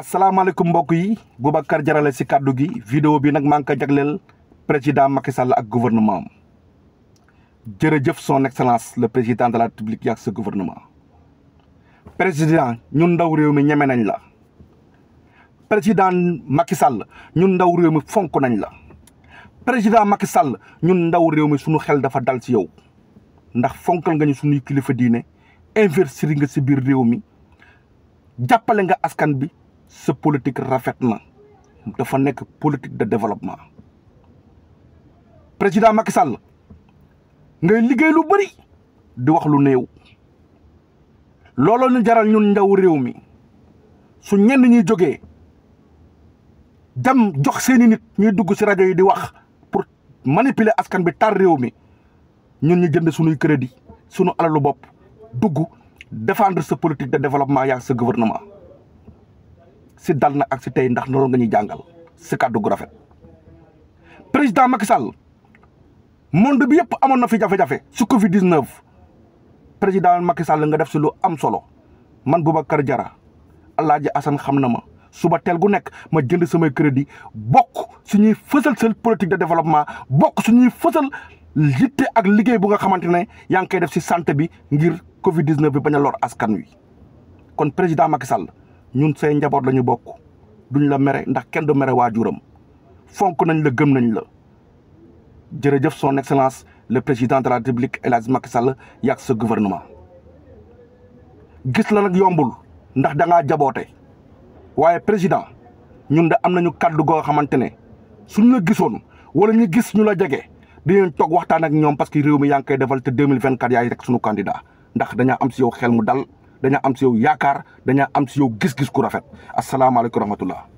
asalaamaaleykum mbokk yi Boubacar Jarale si kàddu gi video bi nag maa ngi ko jagleel président Macky Sall ak gouvernement am jërëjëf son excellence le président de la république yi ak sa gouvernement président ñun ndaw réew mi ñeme nañ la président Macky Sall ñun ndaw réew mi fonk nañ la président Macky Sall ñun ndaw réew mi suñu xel dafa dal ci yow ndax fonkal nga ñu suñuy kilifa diine investir nga si biir réew mi jàppale nga askan bi sa politique rafet na dafa nekk politique de développement président Macky Sall ngay liggéey lu bëri di wax lu néew looloo jaral ñun njaw réew mi su ñenn ñuy jógee dem jox seeni nit ñuy dugg ci rajo yi di wax pour manipuler askan bi tar réew mi ñun ñu jënd suñuy crédit suñu alalu bopp dugg défendre sa politique de développement yaa sa gouvernement si dal na ak si tey ndax noonu nga ñuy jàngal si kàddu gu rafet président Macky Sall monde bi yëpp amoon na fi jafe-jafe si Covid 19 président Macky Sall nga def si lu am solo man Boubacar Diarra Alaaji Assane xam na ma suba teel gu nekk ma jënd samay crédit bokk suñuy fësal seen politique de développement bokk suñuy fësal yitte ak liggéey bu nga xamante ne yaa ngi koy def si sant bi ngir Covid 19 bi bañ a lor askan wi kon président Macky Sall ñun say njaboot lañu bokk duñu la mere ndax kenn du mere waajuram fonk nañ la gëm nañ la jërëjëf son excellence le président de la république El Hadj Macky sa gouvernement. gis la nag yombul ndax da ngaa jaboote waaye président ñun de am nañu kàddu goo xamante ne suñ la gisoon wala ñu gis ñu la jege dinañ toog waxtaan ak ñoom parce réew mi yaa ngi defal te deux yaay rek sunu candidat ndax dañaa am si yow mu dal. dañaa am si yow yaakaar dañaa am si yow gis-gis ku rafet asalaamaaleykum wa rahmatullah